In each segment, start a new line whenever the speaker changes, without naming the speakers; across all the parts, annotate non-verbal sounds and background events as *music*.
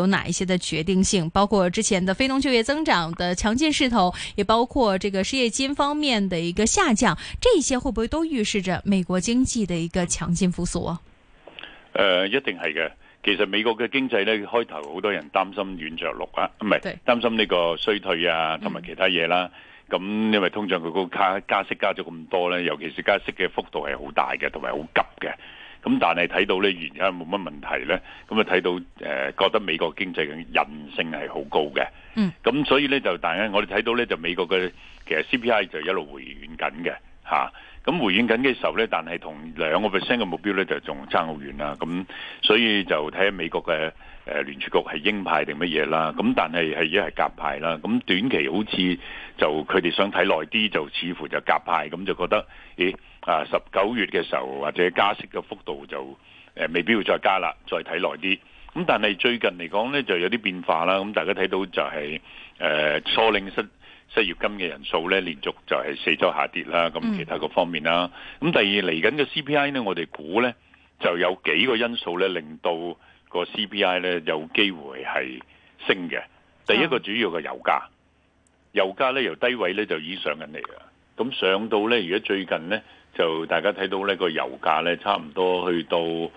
有哪一些的決定性？包括之前的非農就業增長的強勁勢頭，也包括這個失業金方面的一個下降，這些會不會都預示着美國經濟的一個強勁復蘇啊、
呃？一定係嘅。其實美國嘅經濟咧，開頭好多人擔心軟着陸啊，唔係對擔心呢個衰退啊，同埋其他嘢啦。咁、嗯、因為通脹佢個加加息加咗咁多咧，尤其是加息嘅幅度係好大嘅，同埋好急嘅。咁但係睇到咧，原因冇乜問題咧，咁啊睇到誒，覺得美國經濟嘅韌性係好高嘅。嗯。咁所以咧就，大家我哋睇到咧就美國嘅其實 CPI 就一路回軟緊嘅吓。咁回應緊嘅時候咧，但係同兩個 percent 嘅目標咧就仲爭好遠啦、啊。咁所以就睇下美國嘅誒聯儲局係鷹派定乜嘢啦。咁但係係而家係鴿派啦。咁短期好似就佢哋想睇耐啲，就似乎就鴿派咁就覺得，咦啊十九月嘅時候或者加息嘅幅度就未必會再加啦，再睇耐啲。咁但係最近嚟講咧就有啲變化啦。咁大家睇到就係、是、誒、呃、初領失。失業金嘅人數咧，連續就係四周下跌啦。咁、嗯、其他各方面啦，咁第二嚟緊嘅 CPI 呢，我哋估呢就有幾個因素咧，令到個 CPI 咧有機會係升嘅。第一個主要嘅油價，油價咧由低位咧就已經上緊嚟啊。咁上到呢，如果最近呢就大家睇到呢個油價咧差唔多去到誒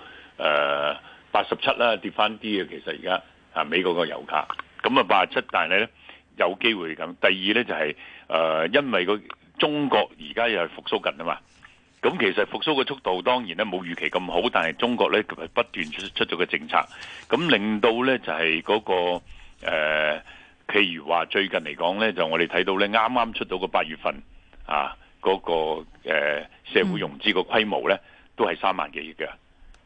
八十七啦，跌翻啲啊。其實而家啊美國個油價咁啊八十七，87, 但係咧。有機會咁，第二呢、就係，就、呃、係因為個中國而家又係復甦緊啊嘛，咁其實復甦嘅速度當然咧冇預期咁好，但係中國咧佢不斷出出咗個政策，咁令到咧就係、係、嗰、嗰個、呃、譬如話最近嚟講咧，就我哋睇到咧啱啱出到個八月份啊，嗰、嗰個、呃、社會融資個規模咧都係三萬幾億嘅，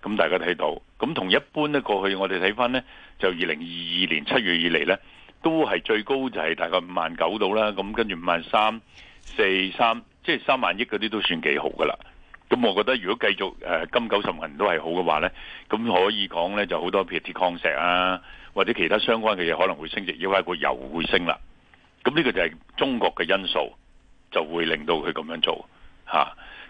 咁大家睇到，咁同一般咧過去我哋睇翻咧就二零二二年七月以嚟咧。都係最高就係大概五萬九到啦，咁跟住五萬三、四三，即係三萬億嗰啲都算幾好噶啦。咁我覺得如果繼續誒、呃、金九十銀都係好嘅話呢，咁可以講呢就好多譬如鐵礦石啊，或者其他相關嘅嘢可能會升值，因為個油會升啦。咁呢個就係中國嘅因素，就會令到佢咁樣做吓。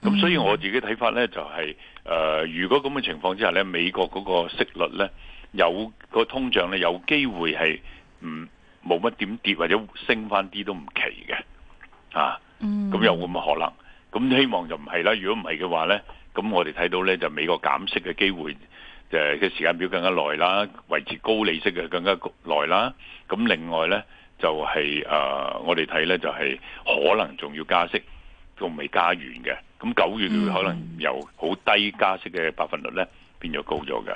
咁、啊、所以我自己睇法呢，就係、是、誒、呃，如果咁嘅情況之下呢，美國嗰個息率呢，有、個通脹呢，有機會係唔。嗯冇乜點跌或者升返啲都唔奇嘅，啊，咁有咁嘅可能，咁希望就唔係啦。如果唔係嘅話呢，咁我哋睇到呢，就美國減息嘅機會，嘅時間表更加耐啦，維持高利息嘅更加耐啦。咁另外呢，就係、是、誒、呃、我哋睇呢，就係可能仲要加息，仲未加完嘅。咁九月就會可能由好低加息嘅百分率呢，變咗高咗嘅。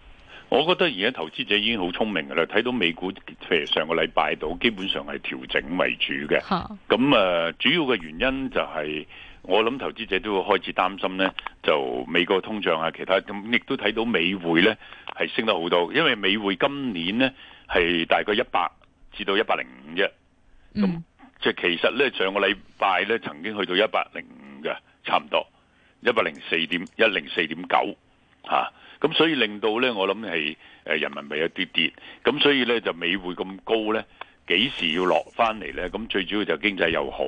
我覺得而家投資者已經好聰明㗎喇，睇到美股，譬如上個禮拜度，基本上係調整為主嘅。咁啊，主要嘅原因就係我諗投資者都會開始擔心咧，就美國通脹啊，其他咁亦都睇到美匯咧係升得好多，因為美匯今年咧係大概一百至到一百零五啫。咁即係其實咧上個禮拜咧曾經去到一百零五嘅，差唔多一百零四點一零四點九嚇。咁所以令到咧，我諗係人民幣有啲跌，跌，咁所以咧就美匯咁高咧，幾時要落翻嚟咧？咁最主要就經濟又好，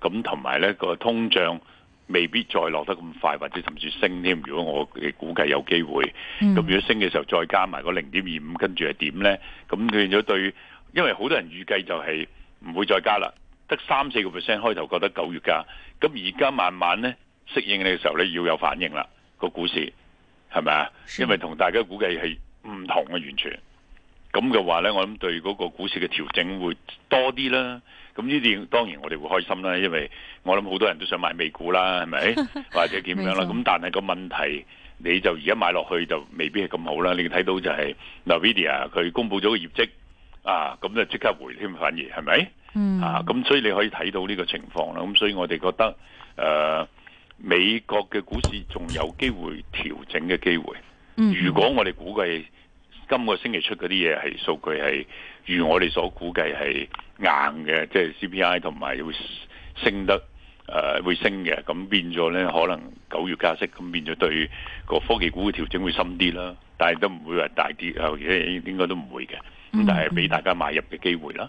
咁同埋咧個通脹未必再落得咁快，或者甚至升添。如果我嘅估計有機會，咁、嗯、如果升嘅時候再加埋個零點二五，跟住係點咧？咁變咗對，因為好多人預計就係唔會再加啦，得三四個 percent 開頭覺得九月加，咁而家慢慢咧適應你嘅時候咧要有反應啦，個股市。係咪啊？因為同大家估計係唔同嘅，完全咁嘅話呢，我諗對嗰個股市嘅調整會多啲啦。咁呢啲當然我哋會開心啦，因為我諗好多人都想買美股啦，係咪？ *laughs* 或者點樣啦？咁錯但係個問題，你就而家買落去就未必係咁好啦。你睇到就係 Nvidia 佢公佈咗個業績啊，咁就即刻回添。反而係咪？是
嗯。啊，咁
所以你可以睇到呢個情況啦。咁所以我哋覺得誒。呃美國嘅股市仲有機會調整嘅機會。
如果
我哋估計今個星期出嗰啲嘢係數據係如我哋所估計係硬嘅，即係 CPI 同埋會升得誒、呃、會升嘅，咁變咗咧可能九月加息，咁變咗對個科技股嘅調整會深啲啦。但係都唔會話大跌啊，應該都唔會嘅。但係俾大家買入嘅機會啦。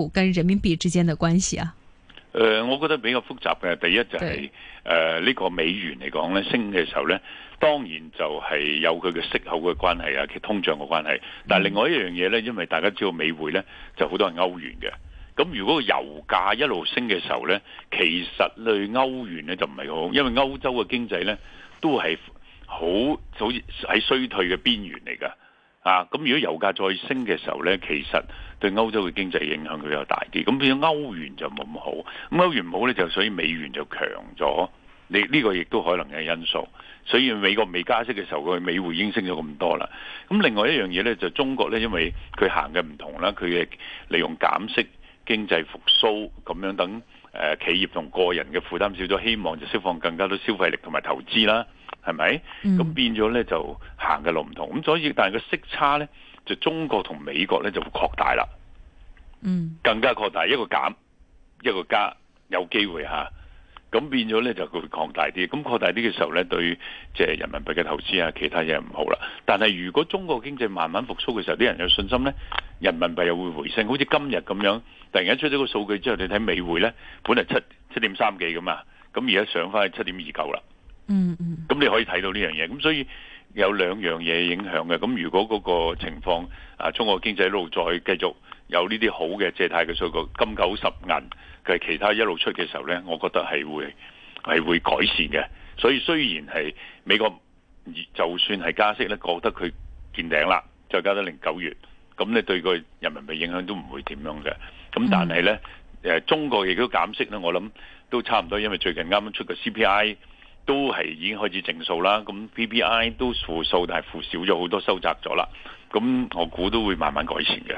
跟人民幣之間嘅關係啊？
誒、呃，我覺得比較複雜嘅，第一就係誒呢個美元嚟講咧，升嘅時候咧，當然就係有佢嘅息口嘅關係啊，其通脹嘅關係。但係另外一樣嘢咧，因為大家知道美匯咧就好多係歐元嘅，咁如果油價一路升嘅時候咧，其實對歐元咧就唔係好，因為歐洲嘅經濟咧都係好，好似喺衰退嘅邊緣嚟噶啊。咁如果油價再升嘅時候咧，其實。對歐洲嘅經濟影響佢比較大啲，咁變咗歐元就冇咁好，咁歐元唔好咧就所以美元就強咗，你、這、呢個亦都可能係因素。所以美國未加息嘅時候，佢美匯已經升咗咁多啦。咁另外一樣嘢咧就是、中國咧，因為佢行嘅唔同啦，佢嘅利用減息經濟復甦咁樣等誒企業同個人嘅負擔少咗，希望就釋放更加多消費力同埋投資啦，係咪？咁變咗咧就行嘅路唔同，咁所以但係個息差咧。就中國同美國咧就會擴大啦，嗯，更加擴大一個減一個加，有機會嚇，咁變咗咧就佢會擴大啲，咁擴大啲嘅時候咧對即係人民幣嘅投資啊，其他嘢唔好啦。但係如果中國經濟慢慢復甦嘅時候，啲人有信心咧，人民幣又會回升，好似今日咁樣，突然間出咗個數據之後，你睇美匯咧，本來七七點三幾咁啊，咁而家上返去七點二九啦，嗯嗯，咁你可以睇到呢樣嘢，咁所以。有兩樣嘢影響嘅，咁如果嗰個情況啊，中國經濟一路再繼續有呢啲好嘅借貸嘅數據，金九十銀嘅其他一路出嘅時候呢，我覺得係會係會改善嘅。所以雖然係美國就算係加息呢，覺得佢見頂啦，再加到零九月，咁你對佢人民幣影響都唔會點樣嘅。咁但係呢，嗯，中國亦都減息呢，我諗都差唔多，因為最近啱啱出個 CPI。都係已經開始正數啦，咁 PPI 都負數，但係負少咗好多，收窄咗啦。咁我估都會慢慢改善嘅。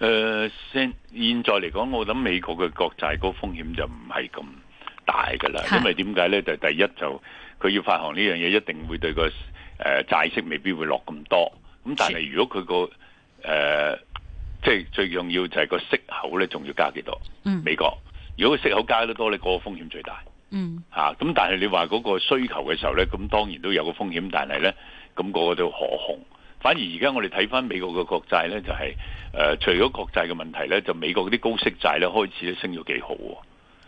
誒、呃，現現在嚟講，我諗美國嘅國債個風險就唔係咁大噶啦，的因為點解咧？就是、第一就佢要發行呢樣嘢，一定會對個誒、呃、債息未必會落咁多。咁但係如果佢個誒即係最重要就係個息口咧，仲要加幾多？嗯、美國如果息口加得多咧，嗰個風險最大。
嗯，
咁、啊，但係你話嗰個需求嘅時候咧，咁當然都有個風險，但係咧，咁、嗰個都可控。反而而家我哋睇翻美國嘅國債咧，就係誒除咗國債嘅問題咧，就美國嗰啲高息債咧開始咧升咗幾好喎。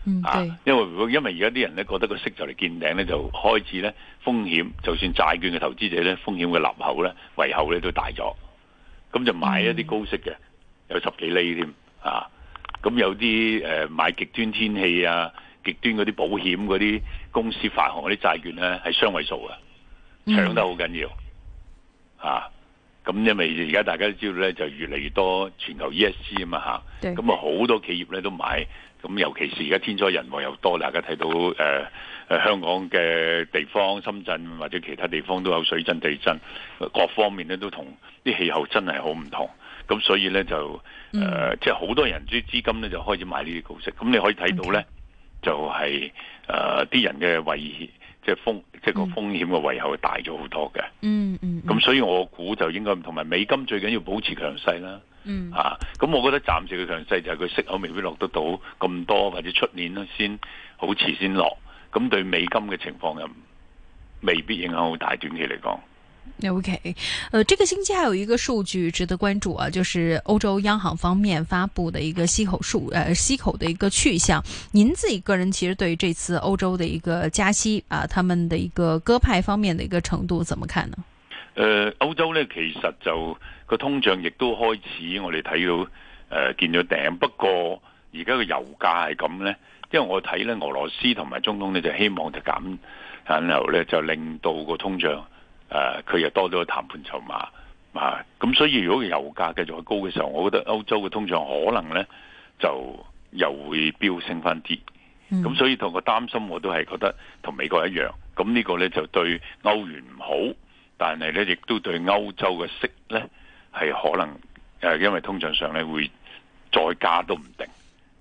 嗯，啊，
因為如果因為而家啲人咧覺得個息就嚟見頂咧，就開始咧風險，就算債券嘅投資者咧風險嘅胃納咧，胃口咧都大咗。咁就買一啲高息嘅，有十幾厘添啊。咁有啲誒買極端天氣啊、極端嗰啲保險嗰啲公司發行嗰啲債券咧，係雙位數嘅，搶得好緊要啊！咁因為而家大家都知道咧，就越嚟越多全球 ESC 啊嘛吓，咁啊好多企業咧都買，咁尤其是而家天災人禍又多啦，大家睇到誒、呃、香港嘅地方、深圳或者其他地方都有水浸、地震，各方面咧都同啲氣候真係好唔同，咁所以咧就誒即係好多人啲資金咧就開始買呢啲股息，咁你可以睇到咧 Okay. 就係誒啲人嘅維。即係風，即係個風險嘅胃口係大咗好多嘅，嗯。嗯嗯，咁所以我估就應該唔同埋美金最緊要保持強勢啦。嗯啊，咁我覺得暫時嘅強勢就係佢息口未必落得到咁多，或者出年先好遲先落。咁對美金嘅情況又未必影響好大，短期嚟講。
O、okay. K，、呃、這個星期還有一個數據值得關注啊，就是歐洲央行方面發布的一個息口數，呃、息口的一個去向。您自己個人其實對這次歐洲的一個加息啊，他們的一個鴿派方面的一個程度，怎麼看呢？
呃歐洲呢，其實就、個通脹亦都開始我哋睇到呃見咗頂，不過而家個油價係咁呢。因為我睇呢，俄羅斯同埋中東呢，就希望就減然油呢，就令到個通脹。誒佢又多咗個談判籌碼啊！咁所以如果油價繼續高嘅時候，我覺得歐洲嘅通脹可能咧就又會飆升翻啲。咁所以同個擔心我都係覺得同美國一樣。咁呢個咧就對歐元唔好，但係咧亦都對歐洲嘅息咧係可能誒，因為通脹上咧會再加都唔定。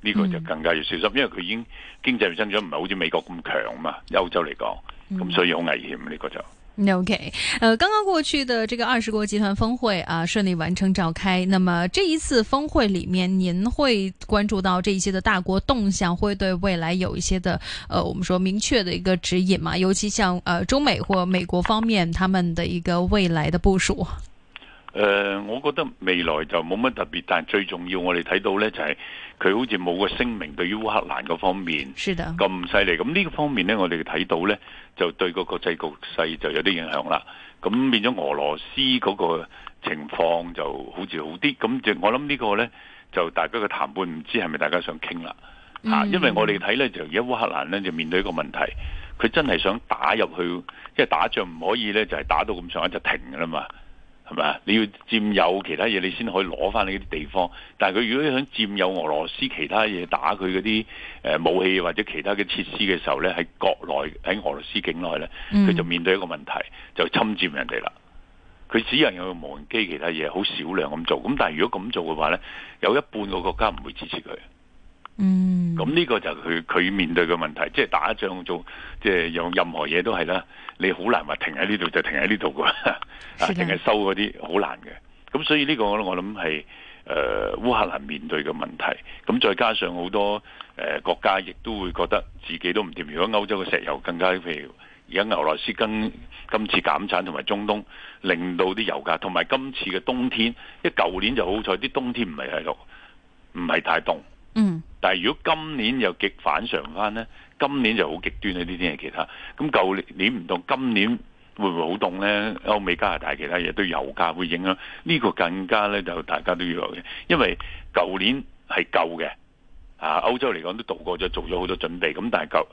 呢個就更加要小心，因為佢已經經濟嘅增長唔係好似美國咁強嘛。歐洲嚟講，咁所以好危險呢個就。
OK，呃、uh,，剛剛過去的這個二十國集團峰會啊，順利完成召開。那麼這一次峰會裏面，您會關注到這一些的大國動向，會對未來有一些的呃，我們說明確的一個指引嘛？尤其像呃，中美或美國方面他們的一個未來的部署。
呃，我覺得未來就冇乜特別，但最重要我哋睇到呢就係、是。佢好似冇個聲明對於烏克蘭嗰方面咁犀利，咁呢的個方面呢，我哋睇到呢，就對個國際局勢就有啲影響啦。咁變咗俄羅斯嗰個情況就好似好啲，咁就我諗呢個呢，就大家嘅談判唔知係咪大家想傾啦、
啊、因為我哋
睇呢，就而家烏克蘭呢，就面對一個問題，佢真係想打入去，因為打仗唔可以呢，就係、是、打到咁上下就停噶啦嘛。係咪啊？你要佔有其他嘢，你先可以攞翻你啲地方。但係佢如果想佔有俄羅斯其他嘢，打佢嗰啲誒武器或者其他嘅設施嘅時候咧，喺國內喺俄羅斯境內咧，佢就面對一個問題，就侵佔人哋啦。佢只能用無人機其他嘢，好少量咁做。咁但係如果咁做嘅話咧，有一半個國家唔會支持佢。嗯，咁呢個就佢佢面對嘅問題，即係打一仗做，即係用任何嘢都係啦。你好難話停喺呢度就停喺呢度㗎。啊的，淨係收嗰啲好難嘅。咁所以呢個我諗係誒烏克蘭面對嘅問題。咁再加上好多誒、呃、國家亦都會覺得自己都唔掂。如果歐洲嘅石油更加，譬如而家俄羅斯跟今次減產，同埋中東令到啲油價，同埋今次嘅冬天，一舊年就好彩啲冬天唔係喺度，唔係太凍。嗯，但係如果今年又極反常翻呢？今年就好極端呢啲天氣其他，咁舊年唔凍，今年會唔會好凍呢？歐美加拿大其他嘢都油價會影響，呢、呢個更加呢，就大家都要嘅，因為去年舊年係舊嘅，啊歐洲嚟講都度過咗，做咗好多準備。咁但係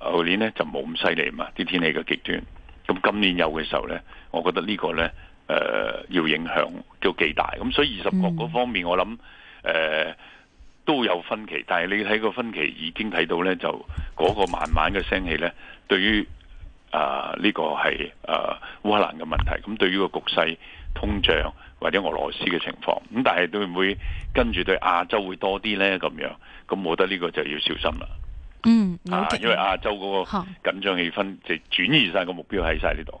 舊年呢，就冇咁犀利嘛，啲天氣嘅極端。咁今年有嘅時候呢，我覺得呢個呢、呃，要影響都幾大。咁所以二十國嗰方面，嗯、我諗誒。呃都有分歧，但係你睇個分歧，已經睇到咧，就嗰個慢慢嘅聲氣咧，對於啊呢個係啊烏克蘭嘅問題，咁對於個局勢通脹或者俄羅斯嘅情況，咁但係會唔會跟住對亞洲會多啲咧？咁樣，咁我覺得呢個就要小心啦。嗯，啊，因為亞洲嗰個緊張氣氛就，就轉移晒個目標喺晒呢度。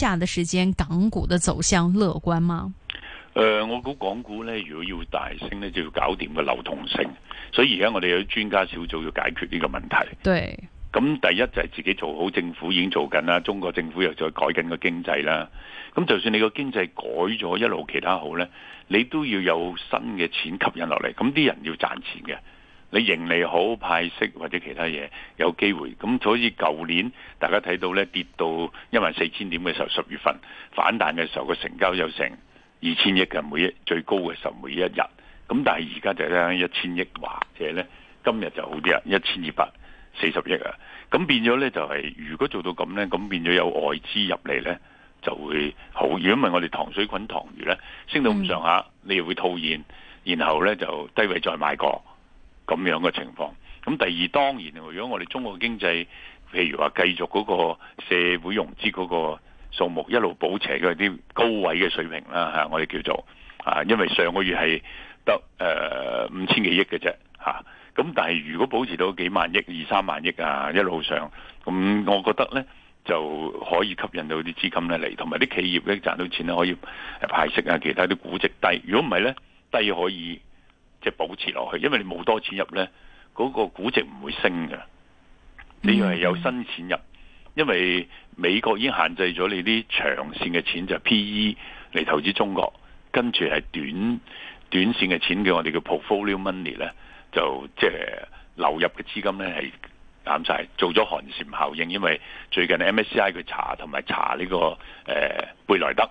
下的時間港股嘅走向樂觀嗎？
誒、呃，我估港股咧，如果要大升咧，就要搞掂個流動性。所以而家我哋有專家小組要解決呢個問題。對。咁、嗯、第一就係自己做好，政府已經做緊啦，中國政府又再改緊個經濟啦。咁、嗯、就算你個經濟改咗一路其他好咧，你都要有新嘅錢吸引落嚟。咁、嗯、啲人要賺錢嘅。你盈利好派息或者其他嘢有機會。咁，所以舊年大家睇到咧跌到一萬四千點嘅時候，十月份反彈嘅時候個成交有成二千億嘅每一最高嘅時候每一日咁，但係而家就喺一千億或者咧今日就好啲啊，一千二百四十億啊，咁變咗咧就係、是、如果做到咁咧，咁變咗有外資入嚟咧就會好。如果唔係我哋糖水菌糖魚咧升到唔上下，你又會套現，然後咧就低位再買過。咁樣嘅情況，咁第二當然，如果我哋中國經濟譬如話繼續嗰個社會融資嗰個數目一路保持嗰啲高位嘅水平啦，我哋叫做啊，因為上個月係得誒五千幾億嘅啫，咁但係如果保持到幾萬億、二三萬億啊一路上，咁我覺得呢就可以吸引到啲資金呢嚟，同埋啲企業呢賺到錢呢可以派息啊，其他啲估值低，如果唔係呢，低可以。即保持落去，因為你冇多錢入咧，嗰個估值唔會升嘅。你要係有新錢入，因為美國已經限制咗你啲長線嘅錢就 PE 嚟投資中國，跟住係短短線嘅錢嘅我哋叫 portfolio money 咧，就即係流入嘅資金咧係減晒做咗寒蟬效應，因為最近 MSCI 佢查同埋查呢個誒貝萊德、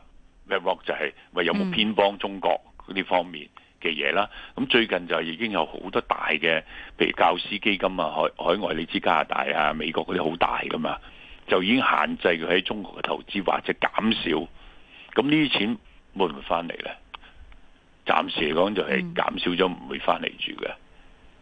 Webwork 就係喂有冇偏幫中國嗰啲方面。嘅嘢啦，咁最近就已經有好多大嘅，譬如教師基金啊，海海外你知加拿大啊、美國嗰啲好大㗎嘛，就已經限制佢喺中國嘅投資或者減少，咁呢啲錢會唔會翻嚟呢？暫時嚟講就係減少咗，唔會翻嚟住嘅。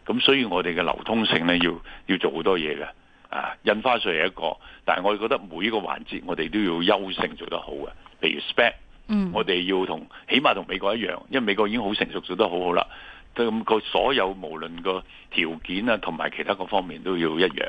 咁所以我哋嘅流通性呢，要要做好多嘢嘅，啊，印花稅係一個，但係我覺得每一個環節我哋都要優勝做得好嘅，譬如 spec。嗯，mm. 我哋要同，起碼同美國一樣，因為美國已經好成熟，做得好好啦。咁所有無論個條件啊，同埋其他各方面都要一樣，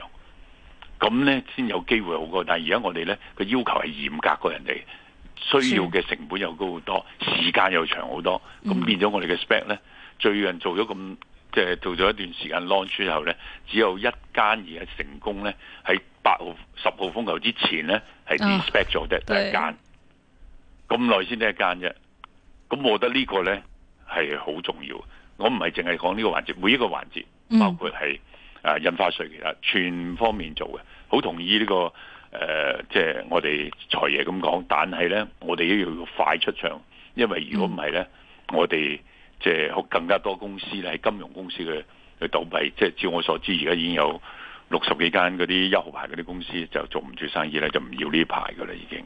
咁呢，先有機會好過。但而家我哋呢，個要求係嚴格過人哋，需要嘅成本又高好多，時間又長好多。咁變咗我哋嘅 spec 呢，最近做咗咁即係做咗一段時間 launch 之後呢，只有一間而係成功呢。喺八號十號風球之前呢，係 despec 咗啫，第一間。咁耐先得一間啫，咁我覺得呢個呢係好重要。我唔係淨係講呢個環節，每一個環節，包括係印花稅其他全方面做嘅。好同意呢個誒，即係我哋財爺咁講。但係呢，我哋都要快出場，因為如果唔係呢，我哋即係更加多公司呢，係金融公司嘅去倒閉。即係照我所知，而家已經有六十幾間嗰啲一號牌嗰啲公司就做唔住生意咧，就唔要呢排噶啦，已經。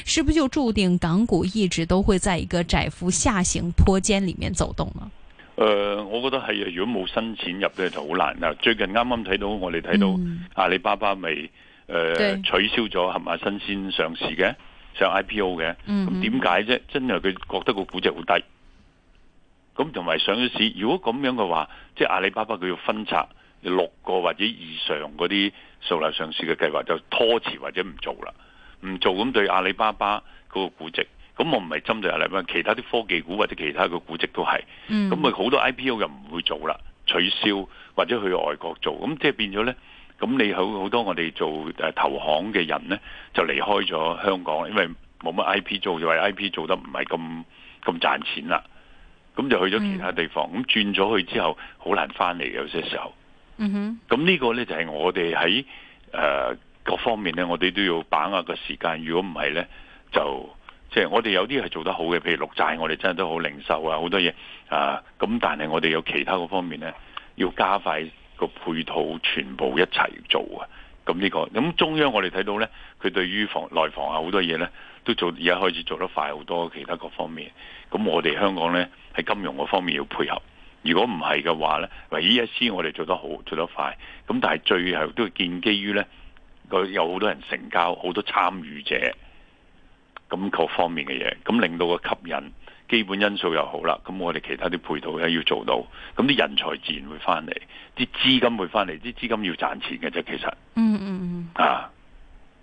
是不是就注定港股一直都會在一個窄幅下行坡間裏面走動呢？誒、
呃，我覺得係，如果冇新錢入去就好難。最近啱啱睇到我哋睇到阿里巴巴咪誒、呃、對取消咗盒馬新鮮上市嘅上 IPO 嘅，咁點解啫？真係佢覺得個估值好低，咁同埋上咗市，如果咁樣嘅話，即係阿里巴巴佢要分拆六個或者以上嗰啲數量上市嘅計劃就拖遲或者唔做啦。唔做咁對阿里巴巴嗰個估值，咁我唔係針對阿里巴巴，其他啲科技股或者其他嘅估值都係，咁咪好多 IPO 又唔會做啦，取消或者去外國做，咁即係變咗呢。咁你好好多我哋做投行嘅人呢，就離開咗香港，因為冇乜 I P 做，就話 I P 做得唔係咁咁賺錢啦，咁就去咗其他地方，咁、嗯、轉咗去之後好難翻嚟有些時候，咁呢、嗯、哼個呢，就係我哋喺誒。各方面咧，我哋都要把握個時間。如果唔係呢，就即係、就是、我哋有啲係做得好嘅，譬如綠債我哋真係都好零售啊，好多嘢啊。咁但係我哋有其他個方面呢，要加快個配套，全部一齊做啊。咁呢、這個咁中央我哋睇到呢，佢對於房、內房啊好多嘢呢都做而家開始做得快好多，其他各方面。咁我哋香港呢，喺金融個方面要配合。如果唔係嘅話呢，唯一一絲我哋做得好，做得快。咁但係最後都要建基於呢。有好多人成交，好多參與者咁各方面嘅嘢，咁令到個吸引基本因素又好啦。咁我哋其他啲配套咧要做到，咁啲人才自然會翻嚟，啲資金會翻嚟，啲資金要賺錢嘅啫。其實，嗯嗯嗯，啊。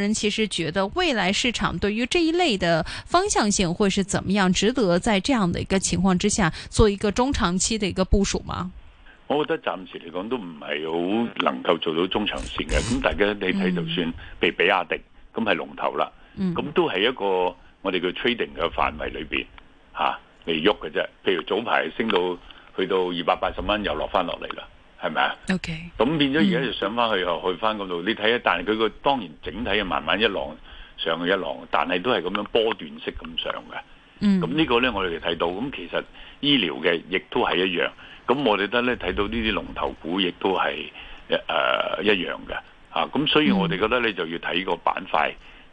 人其實覺得未來市場對於這一類的方向性會是怎麼樣，值得在這樣的一個情況之下做一個中長期的一個部署嗎？
我覺得暫時嚟講都唔係好能夠做到中長線嘅。咁大家你睇就算譬如，比亞迪咁係、嗯、龍頭啦，咁、嗯、都係一個我哋嘅 trading 嘅範圍裏邊吓嚟喐嘅啫。譬如早排升到去到二百八十蚊，又落翻落嚟啦。係咪啊？咁 Okay, 變咗而家就上翻去又、嗯、去翻嗰度，你睇啊！但係佢個當然整體係慢慢一浪上去一浪，但係都係咁樣波段式咁上嘅。嗯，咁呢個咧我哋就睇到，咁其實醫療嘅亦都係一樣。咁我哋得咧睇到呢啲龍頭股亦都係誒一樣嘅。嚇、啊，咁所以我哋覺得你就要睇個板塊，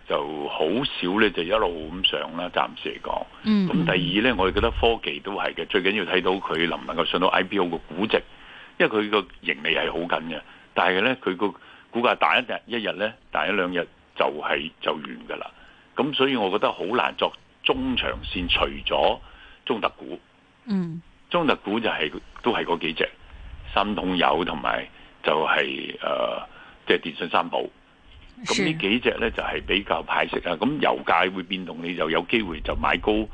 就好少咧就一路咁上啦。暫時嚟講，咁、嗯、第二咧我哋覺得科技都係嘅，最緊要睇到佢能唔能夠上到 IPO 個估值。因為佢個盈利係好緊嘅，但係咧佢個股價大一日，一日咧大一兩日就係、是、就完㗎啦。咁所以我覺得好難作中長線，除咗中特估，嗯，中特估就係、是、都係嗰幾隻，三桶油同埋就係、是、誒，即、呃、係、就是、電信三寶。
咁是呢
幾隻咧就係、是、比較派息啦。咁油價會變動，你就有機會就買高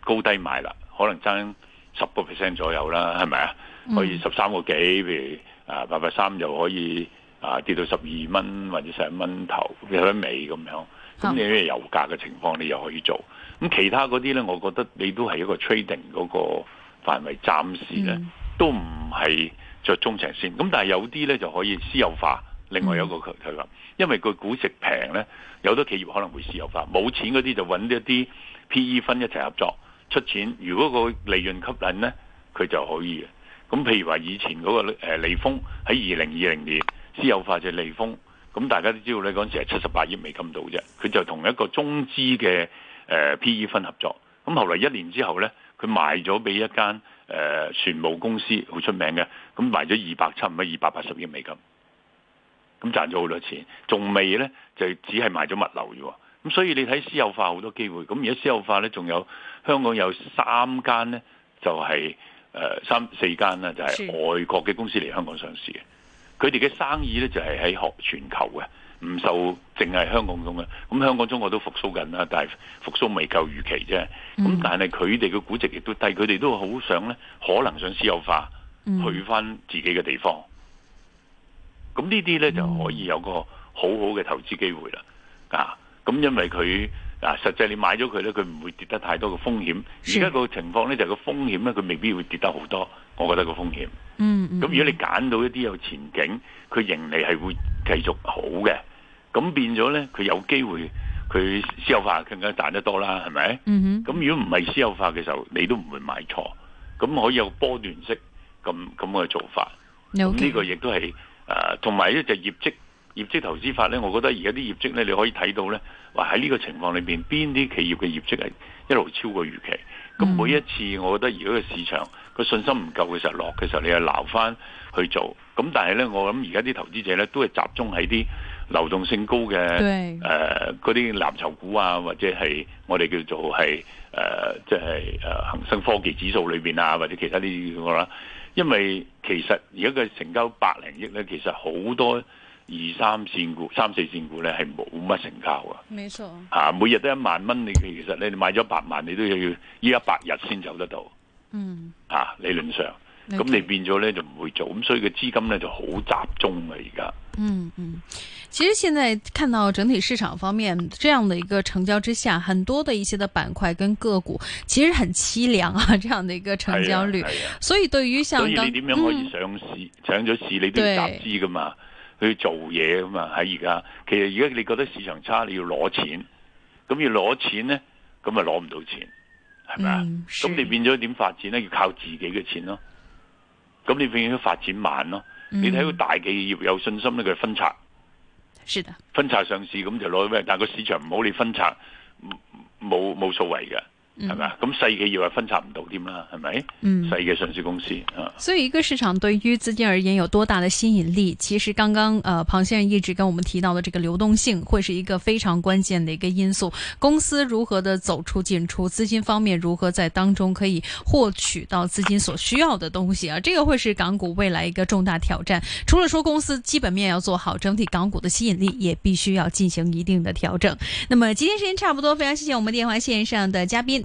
高低買啦，可能爭。十個 percent 左右啦，係咪啊？嗯、可以十三個幾，譬如啊八百三又可以啊跌到十二蚊或者成蚊頭有得尾咁樣。咁好你啲油價嘅情況你又可以做。咁其他嗰啲咧，我覺得你都係一個 trading 嗰個範圍，暫時咧、嗯、都唔係着中長線。咁但係有啲咧就可以私有化，另外有一個佢佢話，嗯、因為個股息平咧，有啲企業可能會私有化。冇錢嗰啲就揾一啲 PE 分一齊合作。出錢，如果個利潤吸引呢，佢就可以嘅。咁譬如話以前嗰個利豐喺二零二零年私有化就利豐，咁大家都知道呢嗰陣時係七十八億美金到啫，佢就同一個中資嘅 PE 分合作。咁後來一年之後呢，佢賣咗俾一間誒船務公司，好出名嘅，咁賣咗二百七差唔多二百八十億美金，咁賺咗好多錢，仲未呢，就只係賣咗物流啫喎。咁所以你睇私有化好多機會，咁而家私有化咧，仲有香港有三間咧，就係誒三四間啦，就係外國嘅公司嚟香港上市嘅，佢哋嘅生意咧就係喺學全球嘅，唔受淨係香港咁嘅。咁香港中國都復蘇緊啦，但係復蘇未夠預期啫。
咁但
係佢哋嘅估值亦都低，佢哋都好想咧，可能想私有化，去翻自己嘅地方。咁呢啲咧就可以有個好好嘅投資機會啦，啊！咁因為佢嗱實際你買咗佢咧，佢唔會跌得太多嘅風險。而家個情況咧就個、是、風險咧，佢未必會跌得好多。我覺得個風險。嗯咁、嗯、如果你揀到一啲有前景，佢盈利係會繼續好嘅。咁變咗咧，佢有機會佢私有化更加賺得多啦，係咪？咁、嗯、如果唔係私有化嘅時候，你都唔會買錯。咁可以有波段式咁咁嘅做法。
呢 OK 個
亦都係誒，同埋咧就業績。業績投資法咧，我覺得而家啲業績咧，你可以睇到咧，話喺呢個情況裏邊，邊啲企業嘅業績係一路超過預期。咁每一次，我覺得而家嘅市場個、嗯、信心唔夠嘅時候落嘅時候，時候你又撈翻去做。咁但係咧，我諗而家啲投資者咧，都係集中喺啲流動性高嘅誒嗰啲藍籌股啊，或者係我哋叫做係誒即係誒恆生科技指數裏邊啊，或者其他呢啲嘅啦。因為其實而家嘅成交百零億咧，其實好多。二三線股、三四線股咧係冇乜成交啊！冇錯啊！每日都一萬蚊，你其實你買咗百萬，你都要要依一百日先走得到。嗯，啊理論上，咁你變咗咧就唔會做，咁所以個資金咧就好集中啊。而家、嗯。嗯
嗯，其實現在看到整體市場方面，這樣的一個成交之下，很多的一些的板塊跟個股其實很淒涼啊！這樣的一個成交率，啊啊、所以對於像剛剛
所以點樣可以上市、嗯、上咗市？你都要集資噶嘛？去做嘢吖嘛喺而家，其實而家你覺得市場差，你要攞錢，咁要攞錢咧，咁咪攞唔到錢，
係咪啊？咁、
嗯、你變咗點發展咧？要靠自己嘅錢咯，咁你變咗發展慢咯。嗯、你睇到大企業有信心咧，佢分拆，是的分拆上市咁就攞咩？但個市場唔好，你分拆冇冇數為嘅。係咪？咁細嘅要係分拆唔到添啦，係咪？嗯，細嘅上市公司啊。
所以一個市場對於資金而言有多大的吸引力？其實剛剛呃龐先生一直跟我們提到的，這個流動性會是一個非常關鍵的一個因素。公司如何的走出進出，資金方面如何在當中可以獲取到資金所需要的東西啊？這個會是港股未來一個重大挑戰。除了說公司基本面要做好，整體港股的吸引力也必須要進行一定的調整。那麼今天時間差不多，非常謝謝我們電話線上的嘉賓。